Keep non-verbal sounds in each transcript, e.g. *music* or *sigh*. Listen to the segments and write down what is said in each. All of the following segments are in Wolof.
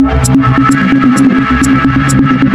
Thank you.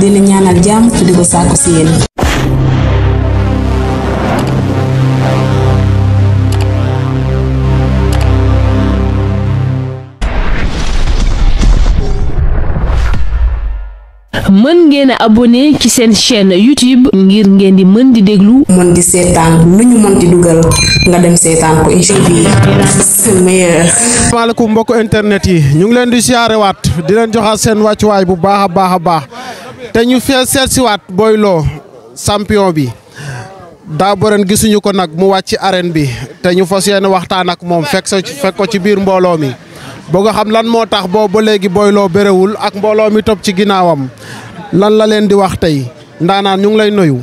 di leen ñaanal jamm ci diggu saaku ci yeen mën ngeen abonné ci sen chaîne youtube ngir ngeen di mën di déglu mën di sétan lu ñu mën di duggal nga dem sétan ko incha allah. maaleykum mbokku internet yi ñu ngi leen di siyaare waat di leen sen waccu way bu baaxa baaxa baax. te ñu fee seet siwaat Boy Lo bi daa bëren gisuñu ko nag mu wàcc arène bi te ñu fas yéene waxtaan ak moom fekk sa fekk ko ci biir mbooloo mi boo nga xam lan moo tax boobu ba léegi Boy Lo ak mbooloo mi topp ci ginnaawam lan la leen di wax tey ndaanaan ñu ngi lay nuyu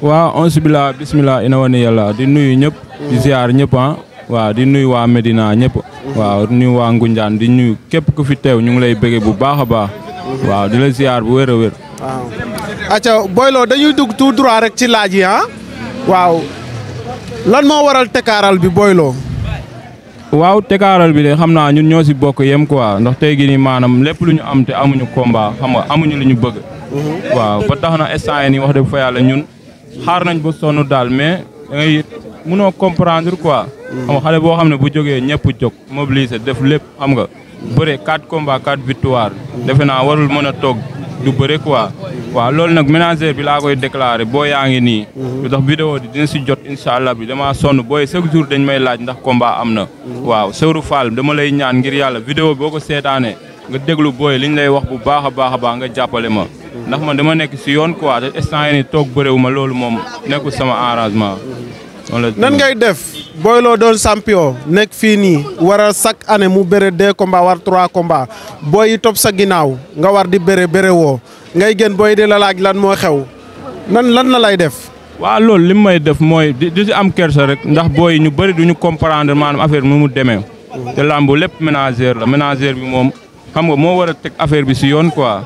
waaw on sibila bisimilah ina wani yàlla di nuyu ñëpp di ziar ñëpp ah waaw di nuyu waa Medina ñëpp waaw di nuyu waa Ngunjaan di nuyu képp ku fi teew ñu ngi lay bëgge bu baax a baax waaw di la ziar bu wér wér waaw. acca boyloo dañuy dugg tout droit rek ci laaj yi ah? waaw lan moo waral tekaaral bi boyloo. waaw tekaaral bi de xam naa ñun ñoo si bokk yem quoi ndox tey gi nii maanaam lépp lu ñu am te amuñu komba xam nga amuñu lu ñu bëgg. Mhm. waaw ba tax na instant yii nii wax dëgg fa ñun xaar nañ ba sonn daal mais da ngay mënoo comprendre quoi. Mhm. xam nga xale boo xam ne bu jógee ñëpp jóg mobiliser def lépp xam nga. bëre 4 combats 4 victoires. Mhm. defe naa warul mën a toog du bëre quoi. waaw loolu nag manager bi laa koy déclaré boo yaa ngi nii. Mhm. lu tax vidéo dina si jot incha allah bi damaa sonn booy chaque jour dañ may laaj ndax combat am na. Mhm. waaw Sëru Fall dama lay ñaan ngir yàlla vidéo boo ko seetaanee nga déglu booy liñ lay wax bu baax a baax a baax nga jàppale ma. Mhm. ndax ma dama nekk si yoon quoi te instant toog bërewu ma loolu moom nekku sama arrangement. nan ngay def booy loo doon champion nekk fii nii war a chaque année mu bëre deux combats war trois combats booy yi topp sa ginnaaw nga war di bëre bëre woo ngay gën booy di la laaj lan moo xew nan lan la lay def. waa loolu li may def mooy di di si am kersa rek ndax booy ñu bëri duñu comprendre maanaam affaire bi mu demee. te làmbu lépp ménagère la ménagère bi moom. xam nga moo war a teg affaire bi si yoon quoi.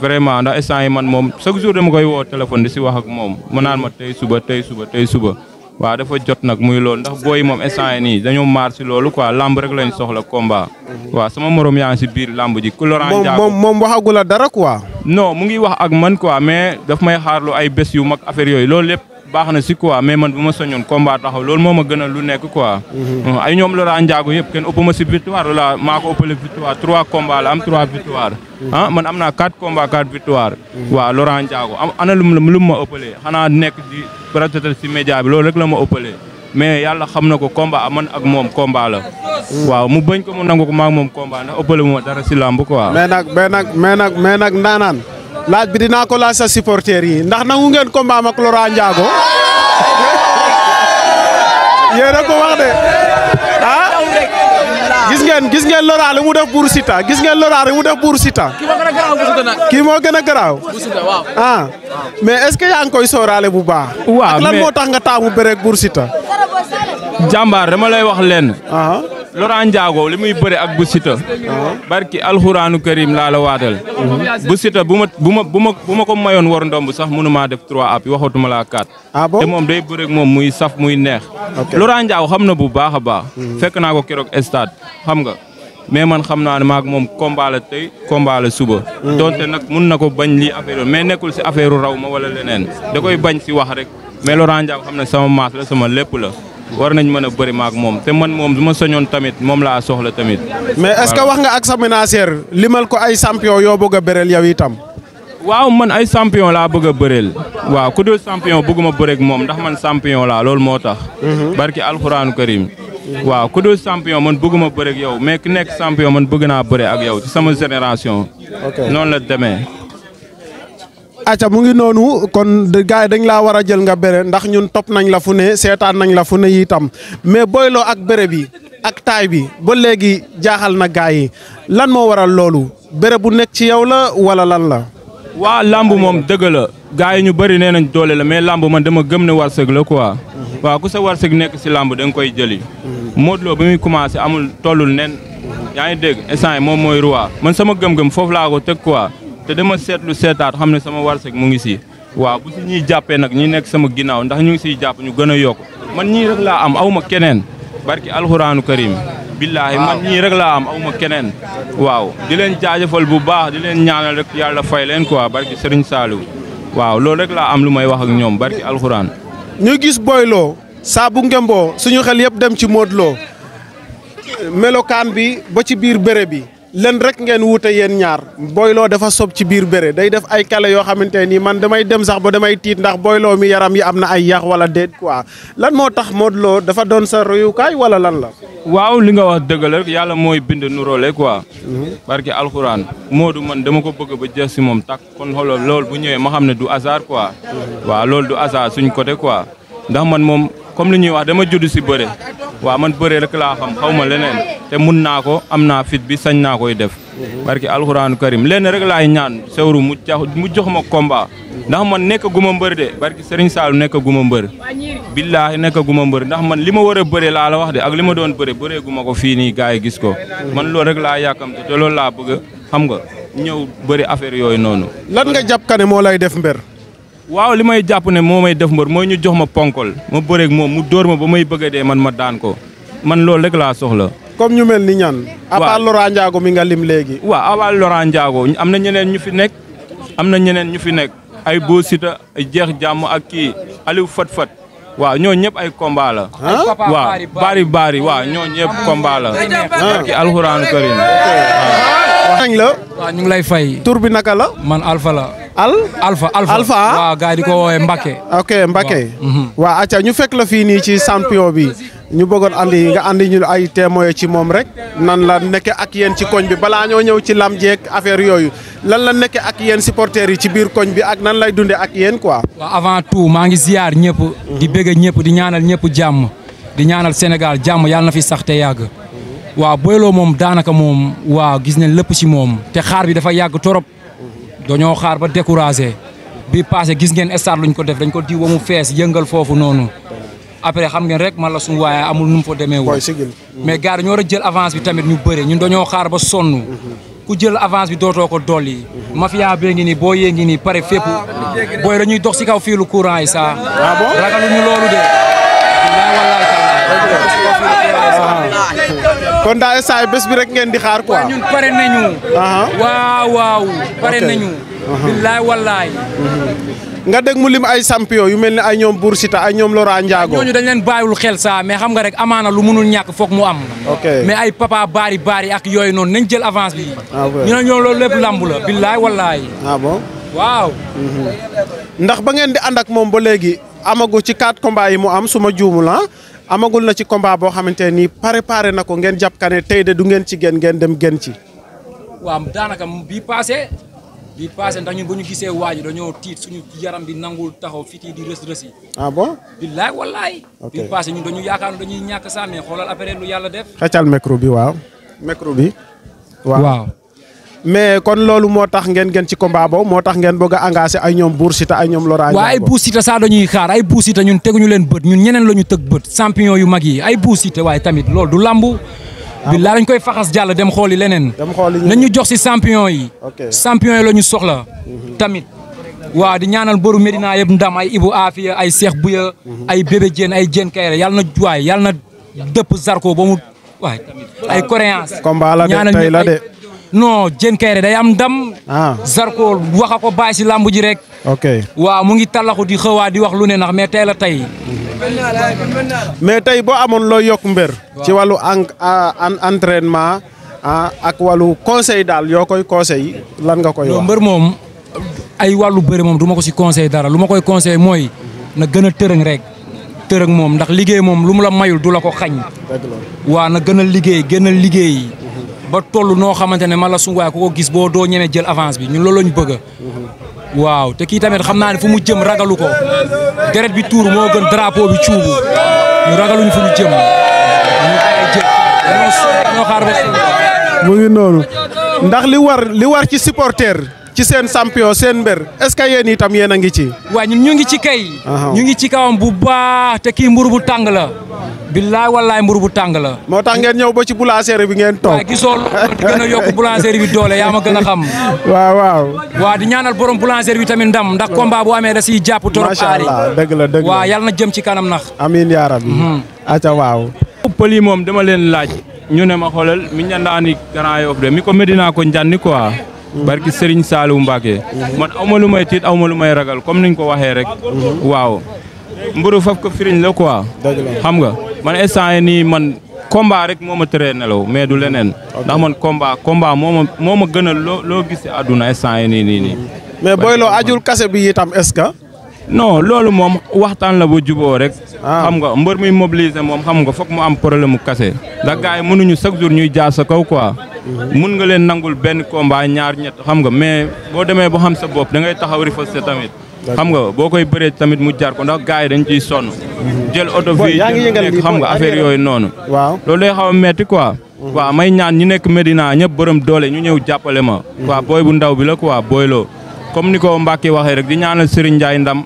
vraiment ndax instant yi man moom chaque jour dama koy woo téléphone di si wax ak moom mu naan ma tey suba tey suba tey suba. waaw dafa jot nag muy loolu ndax booy moom instant yi nii dañoo maar si loolu quoi lamb rek lañ soxla combat. waa sama morom yaa ngi si biir làmb ji. ku Laurent moom moom waxagula dara quoi. non mu ngi wax ak man quoi mais daf may xaarlu ay bés yu mag affaire yooyu loolu lépp. baax na si quoi mais man bu ma soñoon combat taxaw loolu moo a gënal lu nekk quoi. Mhm. ay ñoom Laurent Ndiago yëpp kenn ëpp ma si victoire la maa ko ëppale victoire trois combats la am trois victoire. Mhm. ah man am naa quatre combats quatre victoire. Mhm. waaw Laurent Ndiago ana lu mu lu ma ëppalee xanaa nekk di peut si média loolu rek la ma ëppalee. mais yàlla xam na ko combat man ak moom combat waaw mu bañ ko mu nangu ko maa moom combat ndax ëppale mu ma dara si làmb quoi. mais nag mais nag laaj bi dinaa ko laa sa supporter yi ndax nangu ngeen combat am ak Laurent Ndiago yéen a ko wax de ah? gis ngeen gis ngeen Laurent li mu def pour Siteu gis ngeen Laurent li mu def pour Siteu kii moo gën a garaaw ah mais est-ce que yaa ngi koy sóoraale bu baax waaw ak moo tax nga taamu bëreeg pour sita jàmbaar dama lay wax leen ah. Laurent li muy bëre ak bu Siteu ah. barki alxuraanu karim laa la waatal mm-hmm. bu Siteu bu ma bu ma bu ma ma ko mayoon war ndomb sax mënumaa def trois appuis waxatuma laa ah te moom day bëre moom muy saf muy neex Laurent Ndiago xam na bu baax a baax mm-hmm. fekk naa ko keroog stade xam nga mais man xam naa ne maag moom combat la tey combat suba mm-hmm. donte nag mun na ko bañ lii affaire mais nekkul si affaire raw ma wala leneen da koy bañ si wax rek mais Laurent Ndiago xam ne sama maas la sama lépp la war nañ mën a bëri maak moom te man moom su ma soñoon tamit moom laa soxla tamit. mais est-ce que wax nga ak sa ménagère limal ko ay champion yoo bëgg a bëreel yow itam. waaw man ay champion laa bëgg a bëreel waaw ku dul champion bëgguma bëreeg moom ndax man champion laa lool moo tax. Mhm. barki alxuraanu karim. waaw ku dul champion man bëgguma bëreeg yow mais ku nekk champion man bëgg naa bëre ak yow ci sama génération. noonu la demee. acca mu ngi noonu kon gars yi dañ laa war a jël nga bere ndax ñun topp nañ la fu ne seetaan nañ la fu ne itam mais Boy ak bere yi ak taay bi ba léegi jaaxal na gars yi lan moo waral loolu bere bu nekk ci yow la wala lan la. waa lamb moom dëgg la yi ñu bëri nee nañ doole la mais lamb man dama gëm ne warsëg la quoi. waaw ku sa warsëg nekk si làmb da nga koy jëli. Modou bi muy commencé amul tollul neen yaa ngi dégg instant moom mooy roi man sama gëm foofu laa ko teg quoi. te ma seetlu seetaat xam ne sama warsek mu ngi si waaw bu si ñuy jàppee nag ñi nekk sama ginnaaw ndax ñu ngi siy jàpp ñu gën a yokk man ñii rek laa am awma keneen barki alxuraanu karim billaahi man ñii rek laa am awma keneen waaw di leen jaajëfal bu baax di leen ñaanal rek yàlla fay leen quoi barki Serigne Saliou waaw loolu rek laa am lu may wax ak ñoom barki alxuraan ñu gis boyloo saabu bu ngemboo suñu xel yëpp dem ci Modou Lo melokaan bi ba ci biir bëre bi len rek ngeen wuute yéen ñaar Boylo dafa sob ci biir béré day def ay kale yoo xamante nii man damay dem sax ba damay tiit ndax Boylo mi yaram yi am na ay yàq wala déet quoi lan moo tax Modou Lo dafa doon sa royukaay wala lan la. waaw li nga wax dëgg la yàlla mooy bind nuróole quoi. barke alxuraan Modou man dama ko bëgg ba jeex si moom takk kon xoolal lool bu ñëwee ma xam ne du hasard quoi. Mm-hmm. waaw loolu du suñu suñ côté quoi ndax man moom comme li ñuy wax dama judd si bëre. waaw man bëree rek laa xam xaw ma leneen te mun naa ko am naa fit bi sañ naa koy def barki alxuraanu karim lenn rek laay ñaan sewru mu mu jox ma combat ndax man nekk guma mbër de barki Serigne Saalu nekk guma mbër billaahi nekk guma mbër ndax man li ma war a bëre laa la wax de ak li ma doon bëre bëree guma ko fii nii gars yi gis ko man loolu rek laa yàkkamte te loolu laa bëgg xam nga ñëw bëri affaire yooyu noonu lan nga jàpp ka moo lay def mbër waaw li may jàpp ne moo may def mbër mooy ñu jox ma ponkol ma bëreeg moom mu dóor ma ba may bëgg dee man ma daan ko man loolu rek laa soxla. comme ñu mel ni ñan. waaw à part mi nga lim léegi. waa à part Laurent am na ñeneen ñu fi nekk am na ñeneen ñu fi nekk ay Bo jeex jàmm ak kii Aliou Fat Fat waaw ñoo ñëpp ay combat la. baari bari bari ñoo ñëpp combat la. barki la. ñu ngi lay fay. tur bi naka la. man Alpha la. al alpha alpha alpha ah? waaw gars yi di ko ok Mbacke waaw acca ñu fekk la fii nii ci champion bi ñu bëggoon andi nga andi ñu ay témoin ci moom rek nan la nekke ak yeen ci koñ bi balaa ñoo ñëw ci lam jeeg affaire yooyu lan la nekke ak yeen supporters yi ci biir koñ bi ak nan lay dunde ak yéen quoi waaw avant tout maa ngi ziyaar ñëpp mm-hmm. di bëgg ñëpp di ñaanal ñëpp jàmm di ñaanal Sénégal jàmm yàlla na fi sax te yàgg mm-hmm. waaw Boy Lo moom daanaka moom waaw gis ne lépp ci moom te xaar bi dafa yàgg torop dañoo xaar ba découragé bi passé gis ngeen stade luñ ko def dañ ko diw ba mu fees yëngal foofu noonu après xam ngeen rek mala la suñu waaye amul nu mu fa demee woon mais gars ñoo war a jël avance bi tamit ñu bëre ñun dañoo xaar ba sonn ku jël avance bi dootoo ko dolli mafia bee ngi nii boo yëngi nii pare fépp booy dañuy dox si kaw fiilu lu yi saa ah ragaluñu loolu de kon da essay bes bi rek ngeen di xaar quoi. ñun paré nañu. waaw waaw paré nañu. billahi wallahi mhm. nga dégg mu lim ay champion yu melni ay ñom Boursita ay ñom lora Ndiago. ñooñu dañ leen bàyyiwul xel sa mais xam nga rek amana lu mënul ñak fokk mu am. mais ay papa bari bari ak yoy non nañ jël avance bi. Ah, ñu ñoo lool lepp lamb la billahi wallahi ah bon waaw. Mhm. ndax ba ngeen di andak mom ba legi amago ci quatre combat yi mu am suma juumul ah. amagul na ci combat boo xamante ne nii préparé na ko ngeen jàpp ka ne tey de du ngeen ci gën ngeen dem gën ci. waaw daanaka bii paase bii paase ndax ñun bu ñu gisee waa ji dañoo tiit suñu yaram bi nangul taxaw fii ci di rës rës yi. ah bon. billaay wallaay. ok bii paase ñun dañu yaakaar dañuy ñàkk a sàmmee xoolal après yàlla def. xëccal micro bi waaw. micro bi. waaw. mais kon loolu moo tax ngeen ngeen ci combat boobu moo tax ngeen bëgg a engagé ay ñoom Bour Siteu ay ñoom Laurent. waaw ay Bour Siteu sax dañuy xaar ay Bour Siteu ñun teguñu leen bët ñun ñeneen la ñu tëg bët champion yu mag yi ay Bour Siteu waaye tamit loolu du lambu. Ah. bi laa dañ koy faxas jàll dem xooli leneen. dem xooli ñoom nañu jox si champion yi. champion yi la ñu soxla. Mhm. tamit waaw di ñaanal boru Medina yëpp ndam ay Ibou Afia ay Cheikh Bouya. Mhm. ay Bébé Diène ay Diène Kayre yàlla na waay yàlla na dëpp Zarko ba mu ay coréens. combat la de la no Diène Kaïré day am ndam. ah Zarko waxa ko bàyyi si làmb ji rek. ok waaw mu ngi tallaxu di xëwaa di wax lu ne ndax mais tey la tey. mais tey boo amoon loo yokk mbër. ci wàllu entrenement entraînement ak wàllu conseil daal yoo koy conseil lan nga koy wax. mbër moom ay wàllu bëri moom duma ko si conseil dara lu ma koy conseil mooy na gën a tërëng rek. tërëng moom ndax liggéey moom lu mu la mayul du la ko xañ. waa na gën a liggéey gën a liggéey. ba toll noo xamante ne man la ko gis boo doo ñemee jël avance bi ñun loolu lañ bëgg waaw te kii tamit xam naa ne fu mu jëm ragalu ko deret bi tuur moo gën drapeau bi cuubu ñu ragaluñ fu mu jëm ñu xaar ba mu ngi noonu ndax li war li war ci supporter ci seen champion seen mbër est ce que yéen itam yéen a ngi ci. waa ñun ñu ngi ci kay. ñu ngi ci kawam bu baax te kii mburu bu tàng la. billaay wallaay mburu bu tàng la. moo tax ngeen ñëw ba ci boulangerie bi ngeen toog. waaw gisoo loolu gën a yokk boulangerie bi doole yaa ma gën a xam. *laughs* waaw waa di ñaanal borom boulangerie bi tamit ndam ndax combat bu amee da siy jàpp trop. macha allah dëgg la dëgg la waa yàlla na jëm ci kanam nax. amiin yaa mhm. aca waaw. pël yi moom dama leen laaj. ñu ne ma xoolal mi ñu naan Grand ko Medina ko barki Serigne Saliou Mbacké man aw ma lu may tiit aw ma ragal comme niñ ko waxee rek waaw mburu faf ko firiñ la quoi xam nga man instant yi nii man combat rek moo ma tëree nelaw mais du leneen ndax man combat combat moo ma moo ma gënal loo loo gis si àdduna instant yi nii nii nii loo ajul kase bi itam est non loolu moom waxtaan la ba juboo rek. Ah. xam nga mbër muy mobiliser moom xam nga foog mu am problème mu kase. da gars yi mënuñu chaque jour ñuy jaar sa kaw quoi. Mhm. mun nga leen nangul benn combat ñaar ñett xam nga mais boo demee ba xam sa bopp da ngay taxaw rifaste tamit. xam nga boo koy bëree tamit mu jar ko ndax gars yi dañ ciy sonn. Mhm. jël oto fii jël xam nga affaire yooyu noonu. waaw loolu day xaw a metti quoi. Mhm. waaw may ñaan ñi nekk Medina ñëpp borom doole ñu ñëw jàppale ma. waaw boy bu ndaw bi la quoi lo. comme ni ko Mbacke waxee rek di ñaanal Serigne Ndiaye ndam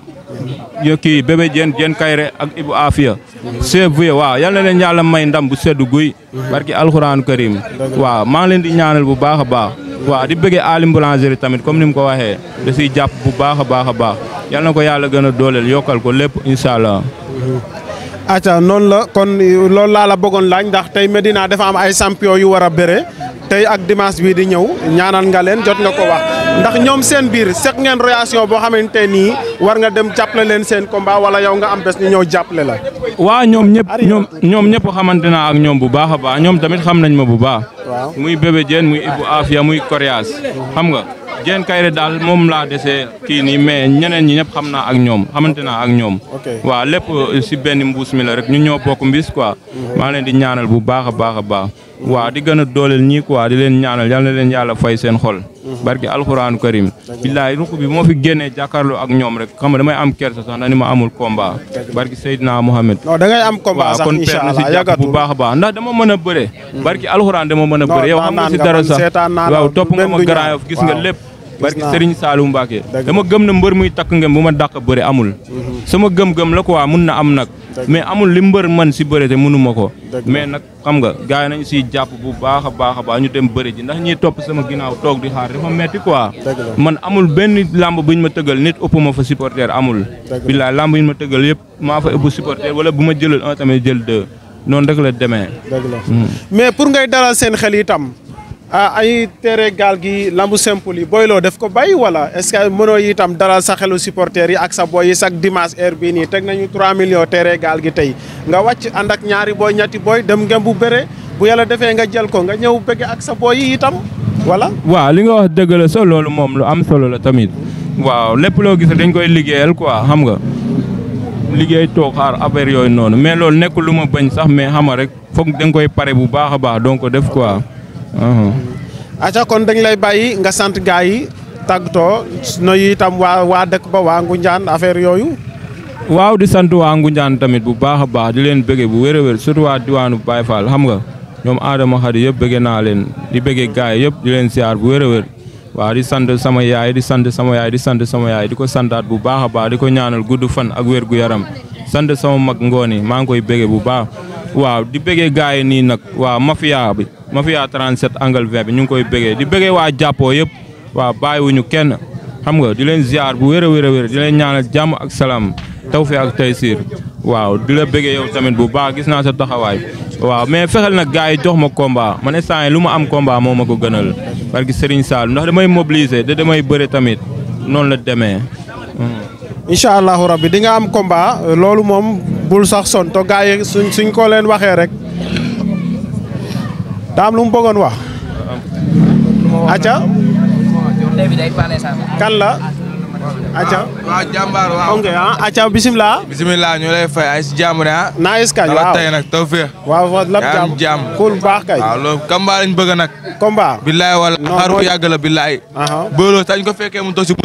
yo kii bébé Diène Diène Kayre ak Ibou Afia chef bu waaw yal na leen yàlla may ndam bu seddu guy barki alxuraan karim waaw maa leen di ñaanal bu baax a baax waaw di bëggee Alim Boulangerie tamit comme ni mu ko waxee da siy jàpp bu baax a baax a baax yal ko yàlla gën a dooleel yokkal ko lépp incha allah acca noonu la kon lool laa la bëggoon laaj ndax tey Medina dafa ay champion yu war a bëre tey ak dimanche di ñëw ñaanal ndax ñoom seen biir seq ngeen relation boo xamante nii war nga dem jàppale leen seen combat wala yow nga am bés ñu ñëw jàppale la. waa ñoom ñëpp ñoom ñoom ñëpp xamante naa ak ñoom bu baax a baax ñoom tamit xam nañ ma bu baax. muy bébé Diène muy Ibou Afia muy Coriace. Mhm. xam nga Diène Kairé daal moom laa dese kii nii mais ñeneen ñi ñëpp xam naa ak ñoom xamante naa ak ñoom. waaw lépp si benn mbuus mi la rek ñu ñoo bokk mbis quoi. Mhm. maa leen di ñaanal bu baax a baax a baax. Mhm. waaw di gën a dooleel ñii quoi di leen ñaanal yal na leen yàlla fay seen xol barki alxuraanu karim billaay ruq bi moo fi génnee jàkkaarloo ak ñoom rek xam damay am kersa sax dani ma amul combat barki Seydina Mohamed non da ngay am combat sax inshallah yàggatul bu baax a baax ndax dama mën a bëre barki alxuraan dama mën a bëre yow xam nga si dara sax waaw topp nga ma grand gis nga lépp barki Serigne Saliou Mbacké dama gëm na mbër muy takk ngem bu ma dàq bëri amul mhm. sama gëm-gëm la quoi mun na am nag mais amul li mbër man si bëri te mënu ma ko mais nag xam nga gars yi nañu siy jàpp bu baax a baax a baax ñu dem bëri ji ndax ñuy topp sama ginnaaw toog di xaar dafa metti quoi man amul benn lamb bu ñu ma tëgal nit ëpp ma fa supporter amul billaay lamb yi ñu ma tëgal yëpp maa fa ëpp supporter wala bu ma jëlal un tamit jël deux noonu rek la demee ah ay tere gaal gi lambu simple yi booyloo def ko bay wala est-ce que itam dalal sa xelu supporters yi ak sa boy yi sax dimanche heure bii nii teg nañu 3 millions tere gaal gi tey nga wàcc ànd ak ñaari booy ñetti booy dem ngem bu bëre bu yàlla defee nga jël ko nga ñëw bëgg ak sa boy yi itam voilà. waaw li nga wax dëgg la loolu moom lu am solo la tamit waaw lépp loo gis dañ koy liggéeyal quoi xam nga liggéey toog xaar affaire yooyu noonu mais loolu nekk lu ma bañ sax mais xama rek foog dañ koy pare bu baax a baax donc def quoi. acca kon dañ lay bàyyi nga sant gaa yi tàggatoo nuyu itam waa waa dëkk ba waa Ngoundiane affaire yooyu. waaw di sant waa ngu Ngoundiane tamit bu baax a baax di leen bëggee bu wér a wér surtout waa diwaanu Baye Fall xam nga ñoom Adama Khady yëpp bëggee naa leen di bëggee gaa yëpp di leen siyaar bu wér a wér di sant sama yaay di sant sama yaay di sant sama yaay di ko santaat bu baax a baax di ko ñaanal gudd fan ak wér gu yaram sant sama mag ngoon yi maa ngi koy bëggee bu baax waaw di bëggee gaa yi nii nag waaw mafia bi. Mafia 37 angle 20 bi ñu ngi koy bëggee di bëggee waa jàppoo yëpp waaw ñu kenn xam nga di leen ziar bu wér a wér a wér di leen ñaanal jàmm ak salaam fi ak taysiir waaw di la bëggee yow tamit bu baax gis naa sa taxawaay waaw mais fexeel na gars yi jox ma combat man instant lu ma am combat moom ma ko gënal parce que Serigne Sall ndax may mobiliser da damay bëre tamit noonu la demee. Hmm. incha allahu rabbi di nga am combat loolu moom bul sax sonto gars yi suñ suñ ko leen waxee rek. daam lu mu bëggoon wax. acca kan la. acca waaw jàmbaar waaw ah, bisimilah fay ay si jàmm de ah naa is kañ waaw tey nag bëgg nag combat billaay wala xaar bu yàgg la billaay ko fekkee mu toog si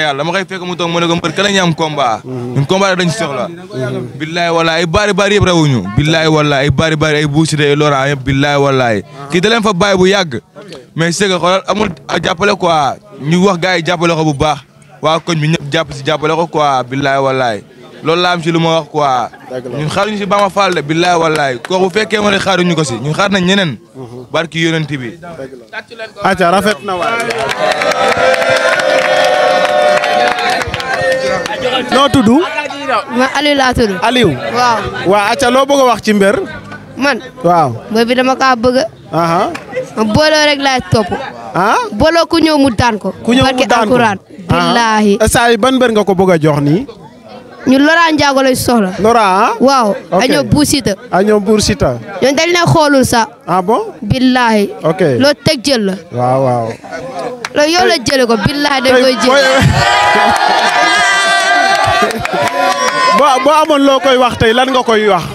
yàlla dama koy fekk mu toog mhm. ay bari bari yëpp rawuñu billaay wala ay bari bari ay buuside ay lora fa bàyyi bu yàgg mais c'est que xoolal amul jàppale quoi ñu wax gars yi jàppale ko bu baax waa koñ bi ñëpp jàpp si jàppale ko quoi billaay wallaay loolu laa am si lu ma wax quoi. ñun xaaruñu si Bamba Fall de billaay wallaay kooku bu fekkee ma ne xaaruñu ko si ñun xaar nañ ñeneen. Mhm. barki yonent bi. acca rafet na waay. noo tudd. man Aliou laa tudd. Aliou. waaw. waa loo bëgg a wax ci mbër. man. waaw. booy bi dama kaa bëgg. bolo rek lay top han ah? bolo ku ñew mu daan ko ku ñew mu daan ko ah? billahi eh, saay ban ber nga ko bëgga jox ni ñu lora ndiago lay soxla lora ah? waaw año buusita año buusita ñon dal na xolul sa ah bon billahi ok lo tek jël la waaw waaw lo yo la jël ko billahi da koy jël ba ba amon lo koy wax tay lan nga koy wax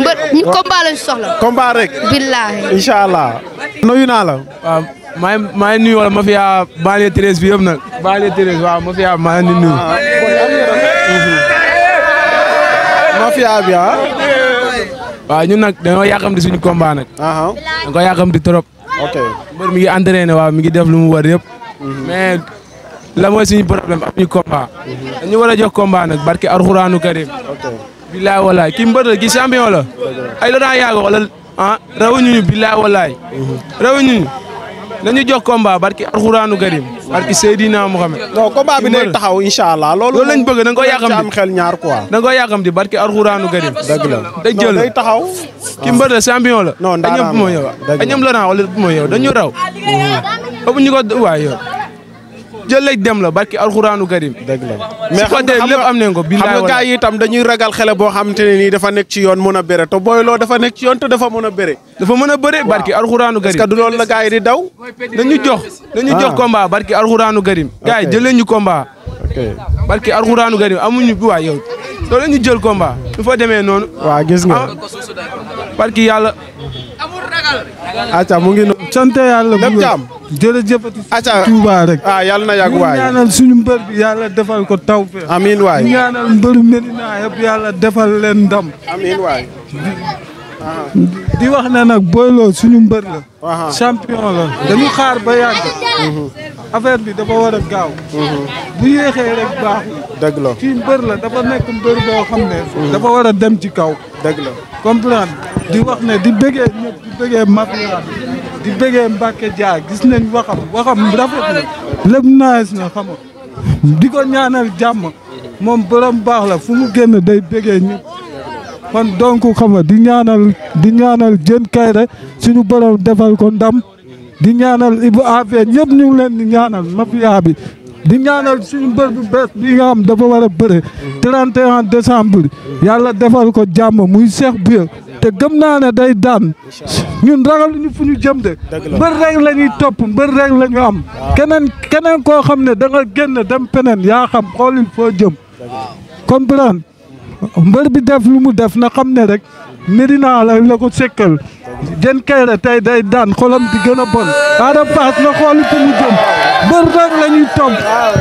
mbër ñu combat lañ soxla. billaahi. incha allah. nuyu naa ngi maa ngi nuyu wala mafia banlieue treize bi yëpp nag. banlieue treize waaw mafia maa ngi ah. bi ah. waaw ñun nag dañoo yàqamti suñu combat nag. dañ ko yàqamti trop. mbër mi ngi entraîné waaw mi ngi def lu mu war yëpp. Mhm. mais la mooy suñu problème amuñu combat. Mhm. dañu war a jox combat barke alxuraanu karim. billaay walaay kii mbër la kii champion la. ay la daan yàgg wala ah, ñu ñu jox combat barki alxuraanu karim barki Seydina Mohamed. non combat bi day taxaw incha allah. loolu lañ bëgg da nga koo yàqamti am xel ñaar quoi. da nga koo yàqamti barki alxuraanu karim. dëgg la non day taxaw. kii mbër la champion la. non ndaanaan la dëgg la ñoom bu ma yow. ñoom la naa wala bu ma yow dañu raw. ñu ko waay yow. jël laj dem la barki alxuraanu karim dëgg la mais xam nga lépp am nañ ko billaay xam nga gars yi itam dañuy ragal xele boo xam te ne nii dafa nekk ci yoon mën a bére te booy loo dafa nekk ci yoon te dafa mën a bére dafa mën a bëre barki alxuraanu karim parce que du loolu la gars yi di daw nañu jox nañu jox ah. combat barki alxuraanu karim gars yi jël leen ñu komba barki alxuraanu karim amuñu bi waay yow doo leen ñu jël komba du fa demee noonu waaw gis nga ah. barki yàlla a mu ngi sant yàlla bu wér jërëjëf ati Touba rek ah na yàgg waay ñaanal suñu mbër bi yàlla defal ko tawfeex amiin waay ñaanal mbëru Medina yëpp yàlla defal leen ndam di wax ne nag Boylo suñu mbër la champion la dañu xaar ba yàgg mhm. affaire bi dafa war a gaaw mhm. bu yéexee rek baaxul dëgg mbër la dafa nekk mbër boo xam ne mhm. dafa war dem ci kaw dëgg la comprendre di wax ne di bëggee ñëpp di bi di bëggee Mbacke Dia gis nañ waxam waxam rafet na lépp naaj na xam nga di ko ñaanal jàmm moom borom baax la fu mu génn day bëggee ñëpp kon donc xam nga di ñaanal di ñaanal Diène Kaïré suñu borom defal ko ndam di ñaanal Ibou Afia ñëpp ñu leen di ñaanal mafia bi di ñaanal suñu mbër bu bees bi nga xam dafa war a bëre 31 décembre yàlla defal ko jàmm muy Cheikh Bouya te gëm naa ne day daan ñun ragal ñu fu ñu jëm de mbër rek la ñuy topp mbër rek la am keneen keneen koo xam ne da génn dem peneen yaa xam xoolil foo jëm comprendre mbër bi def lu mu def na xam ne rek Medina la la ko sekkal Diène Kaïré tey day daan xolam di gën a bon Ada Fass na xooli fi mu jëm mbër rek la ñuy topp.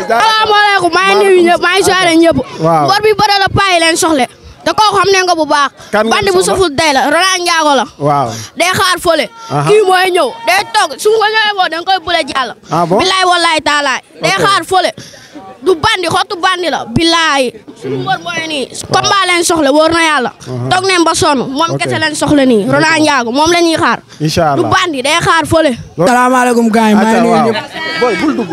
salaamaaleykum maa ngi nuyu ñëpp maa ngi soxla ñëpp. waaw mbër bi bëre la paay leen soxle te kooku xam ne nga bu baax. bandi bu saful day la Ronald Ndiago la. waaw day xaar fële. kii mooy ñëw day toog su ma ko ñëwee foofu da koy bële jàll. ah bon bilaay wallaay taalaay day xaar fële. du bandi xottu bandi la. billaay suñu mbër mooy nii combat leen soxla na yàlla. toog neen ba moom kese leen soxla nii Roland Ndiago moom la ñuy xaar. du bandi day xaar fële. salaamaaleykum gars yi maa ngi nuyu ñëpp. booy bul dugg.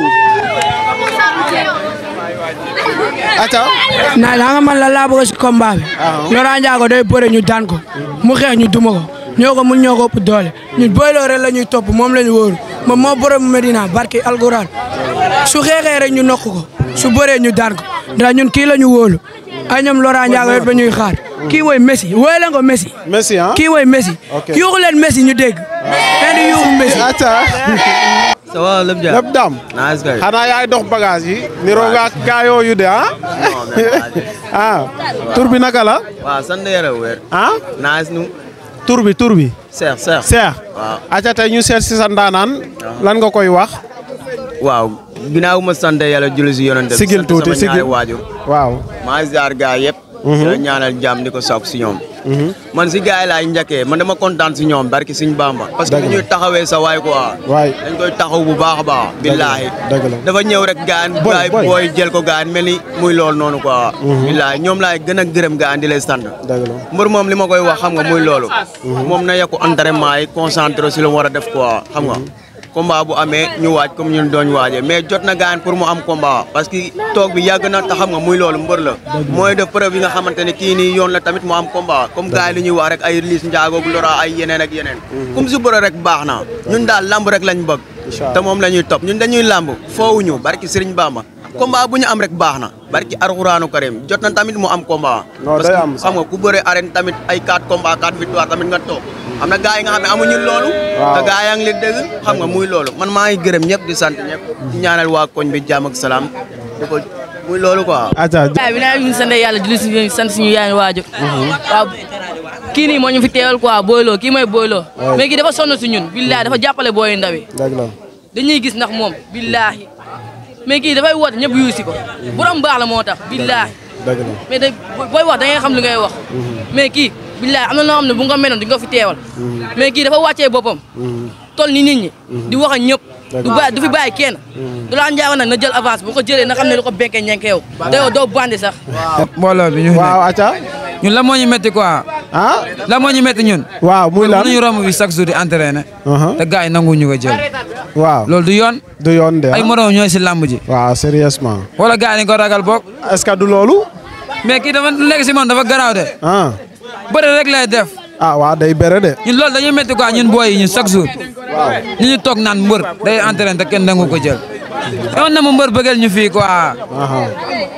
man la laa si combat bi. Ah, ah. Roland Ndiago day ñu daan ko. mu xeex ñu duma ko. ñoo ko mun ñoo ko doole. ñun boyloo rek la ñuy moom la ñu wóor moom moo borom Medina barke alxuraan su xeexee ñu nokk ko. su bëree ñu daan ko ñun kii la ñu wóolu ay ñoom Laurent Ndiago yëpp ñuy xaar kii woy Messi woy la nga Messi. Ah? kii woy Messi. ok yuuxu leen Messi ñu dégg. Ah. kenn yuuxu Messi. ata *laughs* ça daam. naaj yaay dox bagage yi. niroo nga gaa de ah. *laughs* ah bi naka la. waaw sant yàlla wér. Ah? bi tur bi. Cheikh Cheikh. Cheikh. waaw ata tey ñu seet si sa lan nga koy wax. ginnaaw ma sant yàlla si yonent bi sigil tuuti sigil sama waajur waaw maa ngi ziar gaa yëpp mhm. dina ñaanal jàmm di ko soog si ñoom mhm. man si gars yi laay njëkkee man dama kontaan si ñoom barki suñ Bamba parce que dañuy taxawee sa waay quoi waay koy taxaw bu baax a baax billaahi dafa ñëw rek gaan gaay booy jël ko gaan mel ni muy loolu noonu quoi mhm. billaahi ñoom laay gën a gërëm gaan di lay sant mbër moom li ma koy wax xam nga muy loolu moom na yokk entraînement yi concentré si lu mu war a def quoi xam nga combat bu amee ñu waaj comme ñun doon waajee mais jot na gaan pour mu am combat parce que toog bi yàgg na te xam nga muy loolu mbër la mooy def preuve yi nga xamante ne kii nii yoon la tamit mu am combat comme gars yi li ñuy wax rek ay liis njaagoog lora ay yeneen ak yeneen mhm. comme si bëre rek baax na ñun daal lamb rek lañ bëgg te moom la ñuy topp ñun dañuy lamb foowuñu barki Sëriñ Bamba combat bu ñu am rek baax na barki Alxuraanu Karim jot na tamit mu am combat parce que xam ku bëre arène tamit ay 4 combat 4 victoire tamit nga toog am na gars yi nga xam ne amuñu loolu yaa ngi leen dégg xam nga muy loolu man maa ngi gërëm ñëpp di sant ñëpp di ñaanal waa koñ bi jàmm ak salaam di ko muy loolu quoi ata bi naa ñu sant yàlla julli suñu sant suñu yaay waajo mhm. waaw kii nii moo ñu fi teewal quoi booyloo kii mooy booyloo mais kii dafa sonn si ñun billaahi dafa jàppale booyu ndaw yi dañuy gis ndax moom billaahi mais kii dafay woote ñëpp yuusi ko mhm. borom baax la moo tax billaahi booy wax da xam li ngay wax mhm. mais kii billahi amna no xamne bu nga melone di nga fi téewal mm. mais ki dafa wacce bopam mm. tol ni nit ñi mm. di waxa ñepp du ba du fi baye kenn du la njaaw nak na jël avance bu ko jëlé na xamné luko bénké ñenké yow té yow do bandi sax eh, mbolo bi ñu waaw acha ñun la moñu metti quoi ah la moñu metti ñun waaw muy la ñu romu bi chaque jour di entraîner uh-huh. te gaay nangu ñu ko jël waaw lool du yoon du yoon de ay ah. moro ñoy ci lamb ji waaw sérieusement wala gaay ni ko ragal bok est ce que du lolu mais ki dama nek ci man dafa garaaw de ah bëre rek lay def. ah waaw day bëre de. ñun loolu dañuy métti ñu ñu toog mbër day entraîné kenn dangu ko jël. yoon na mu mbër bëggeel ñu fii quoi.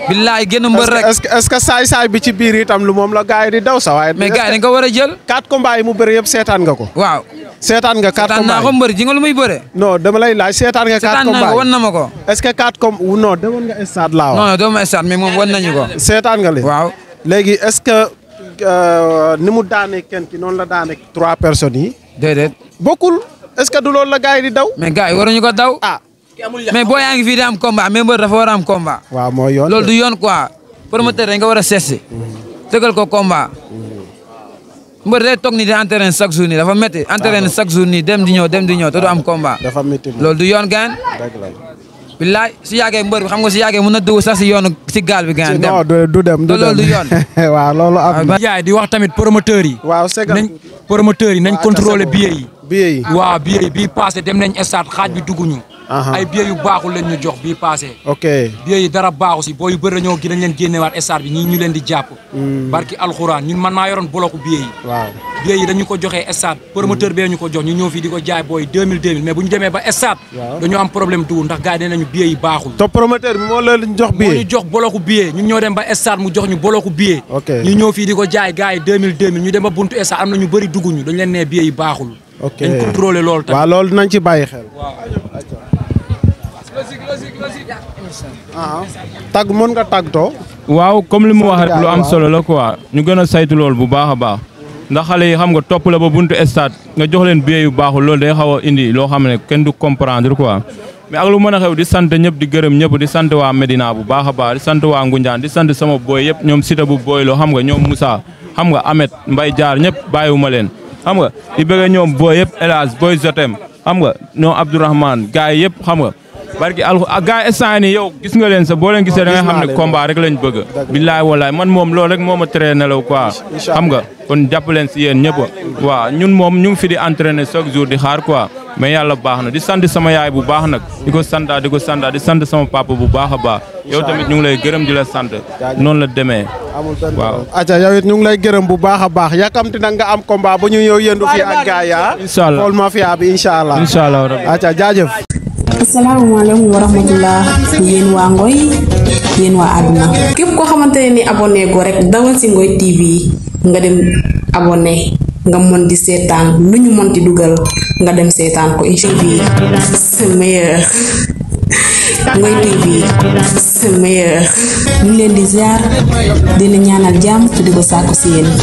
billaay gën mbër rek est que est-ce que saay-saay bi ci biir itam lu moom la gars yi di daw waaye. mais gars yi dañ ko a jël. quatre combats yi mu bëri yëpp seetaan nga ko. waaw seetaan nga quatre combats yi seetaan ko mbër ji nga lu muy bëre. non la lay laaj seetaan nga. quatre combats seetaan naa wan na ma ko. est-ce que quatre com non nga stade laa ko. seetaan nga li waaw léegi est Euh, ni mu daanee kenn ki noonu la daanee trois personnes yi. déedéet. bokkul est-ce que du loolu la gars yi di daw. mais gars a ñu ko daw. ah mais boo yaa ngi fii di am combat mais mbër dafa war am combat. waaw mooy yoon loolu du yoon quoi. promoteur dañ ko war a cesser. Mm-hmm. tëgal ko combat. Mm-hmm. mbër day toog ni di entraîner chaque jour nii dafa métti entraîner chaque jour nii dem di ñëw dem di ñëw te du am combat. dafa métti loolu du yoon gaan. billaay su yàggee mbër bi xam nga si yàggee mën na dugg sax si yoonu si gaal bi. gën a dem du dem du dem *laughs* waaw loolu am na. di wax tamit promoteurs yi. waaw segal nañ promoteurs yi nañ contrôler billets yi. billets yi waaw billets yi bii passé dem nañ stade xaaj bi dugg Uh-huh. ay billets yu baaxul leen ñu jox bii passé ok billets yi dara baaxu si booy bëri dañoo dañ leen génnewaat estade bi ñii ñu leen di jàpp hmm. barki alxuraan ñun man maa yoroon bloku billets yi waaw billets yi dañu ko joxee estade promoteur hmm. bee ñu ko jox ñu ñëw fii di ko jaay booy 2000 2000 mais bu ñu demee ba estade dañoo am problème dugg ndax gars yi nee nañu billets yi baaxul te promoteur bi moo leen jox ñu jox bloku billet ñun ñoo dem fii di ko jaay gars yi 2000 2000 ñu dem ba buntu estade am na ñu bëri dañ leen nee billets yi baaxul ok dañ contrôlé loolu tamit waaw loolu nañ ci Ah. tàgg mën nga tàggatoo. waaw comme li mu wax rek lu am solo la ñu gën a saytu loolu bu baax a baax. ndax yi xam nga topp la ba buntu stade nga jox leen billet yu baaxul loolu day xaw indi loo xam ne kenn du comprendre quoi. mais ak lu mën a xew di sant ñëpp di gërëm ñëpp di sant waa Medina bu baax a baax di sant waa Ngunjaan di sant sama booy yëpp ñoom Sita bu booy loo xam nga ñoom Moussa xam nga Amet Mbay Jaar ñëpp bàyyiwuma leen. xam nga di bëgg ñoom booy yëpp El Hadj booy Zotem xam nga ñoom Abdourahmane gars barki alxu ah, gaa instant nii yow gis nga leen sa boo leen gisee da nga xam ne combat rek lañ bëgg billaay wallaay man moom lool rek moo ma traité nelaw quoi xam nga kon jàpp leen si yéen ñëpp waaw ñun moom ñu ngi fi di entraîner chaque jour di xaar quoi mais yàlla baax na di sant sama yaay bu baax nag di ko santaa di ko santaa di sant sama papa bu baax a baax yow tamit ñu ngi lay gërëm di la sant noonu la demee waaw aca yow it ñu ngi lay gërëm bu baax a baax yàkkamti nag nga am combat ba ñu ñëw yëndu fi ak gaaya ah. xool mafia bi incha allah asalaamaaleykum wa rahmatullah yéen waa Ngoy yéen waa àdduna képp koo xamante ni abonné go rek dawal si Ngoy TV nga dem abonné nga mën di seetaan lu ñu mën di dugal nga dem seetaan ko incha allah c'est Ngoy TV c'est meilleur leen di ziar di la ñaanal jàmm te ko sàkku si yéen.